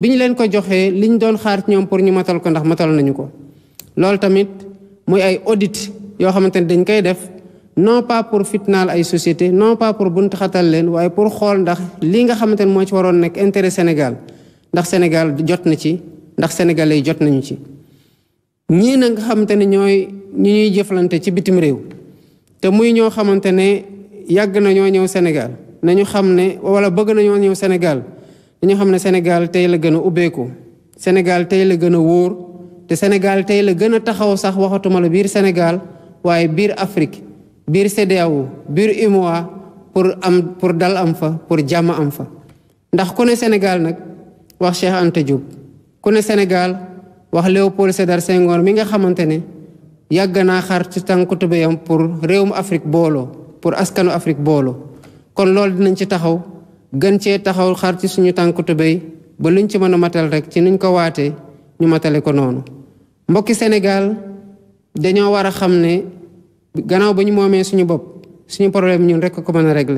bi ñu leen ko joxee li ñu doon xaar ñoom pour ñu matal ko ndax matal nañu ko loolu tamit muy ay audit yoo xamante ne dañ koy def non pas pour fitnaal ay société non pas pour bunt xatal leen waaye pour xool ndax lii nga xamante ne moo ci waroon nekk intérêt Sénégal ndax Sénégal jot na ci ndax sénégalais jot nañu ci ñii na nga xamante ne ñooy ñi ñuy jëflante ci bitim réew te muy ñoo xamante ne yàgg na ñoo ñëw Sénégal nañu xam ne wala bëgg na ñoo ñëw Sénégal dañu xam ne Sénégal tey la gën a ubbeeku Sénégal tey la gën a wóor te Sénégal tey la gën a taxaw sax waxatuma la biir Sénégal waaye biir Afrique biir CEDEAO biir UMOA pour am pour dal am fa pour jàmm am fa ndax ku ne Sénégal nag wax Cheikh Anta Diop ku ne Sénégal wax Léopold Sédar Senghor mi nga xamante ne yàgg naa xaar ci tànku pour réewum Afrique booloo pour askanu Afrique booloo kon loolu dinañ ci taxaw gën cee taxaw xar ci suñu tànku tubéy ba luñ ci mën a matal rek ci nuñ ko waatee ñu matale ko noonu mbokki Sénégal dañoo war a xam ne gannaaw ba ñu moomee suñu bopp suñu problème ñun rek ko mën a régler